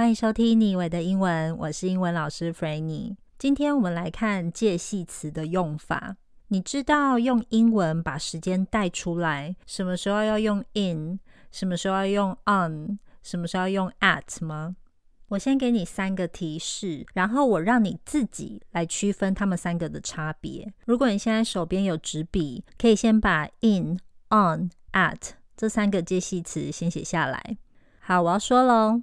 歡迎收聽妮維的英文，我是英文老師 Frannie。今天我們來看介系詞的用法。你知道用英文把時間帶出來，什麼時候要用 in，什麼時候要用 on，什麼時候要用 at 嗎？我先給你三個提示，然後我讓你自己來區分他們三個的差別。如果你現在手邊有紙筆，可以先把 in、on、at 這三個介系詞先寫下來。好，我要說嘍。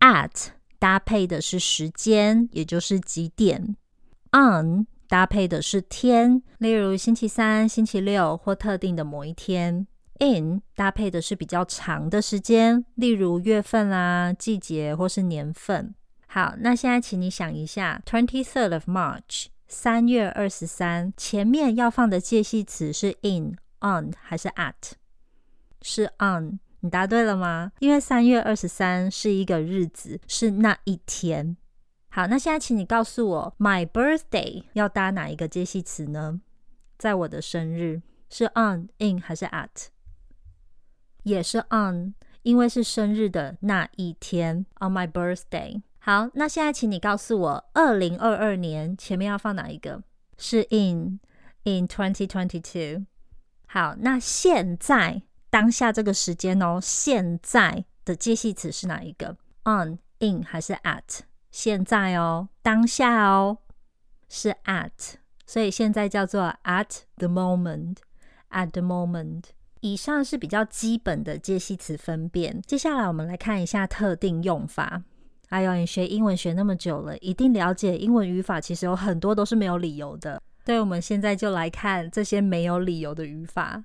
at 搭配的是時間，也就是幾點；on 搭配的是天，例如星期三、星期六或特定的某一天；in 搭配的是比較長的時間，例如月份啦、啊、季節或是年份。好，那現在請你想一下，twenty third of March，三月二十三，前面要放的介系詞是 in、on 還是 at？是 on。你答對了嗎？因為三月二十三是一個日子，是那一天。好，那現在請你告訴我，my birthday 要搭哪一個介系詞呢？在我的生日是 on in 還是 at？也是 on，因為是生日的那一天。On my birthday。好，那現在請你告訴我，二零二二年前面要放哪一個？是 in in twenty twenty two。好，那現在。當下這個時間哦，現在的介系詞是哪一個？on、in 還是 at？現在哦，當下哦，是 at，所以現在叫做 at the moment。at the moment，以上是比較基本的介系詞分辨。接下來我們來看一下特定用法。哎呦，你學英文學那麼久了，一定了解英文語法，其實有很多都是沒有理由的。對，我們現在就來看這些沒有理由的語法。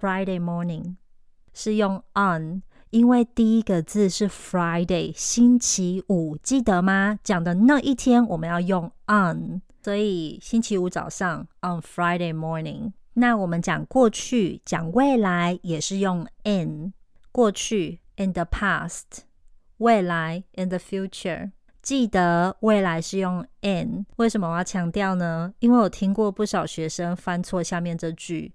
Friday morning 是用 on，因為第一個字是 Friday 星期五，記得嗎？講的那一天我們要用 on，所以星期五早上 on Friday morning。那我們講過去、講未來也是用 in。過去 in the past，未來 in the future。記得未來是用 in，為什麼我要強調呢？因為我聽過不少學生翻錯，下面這句。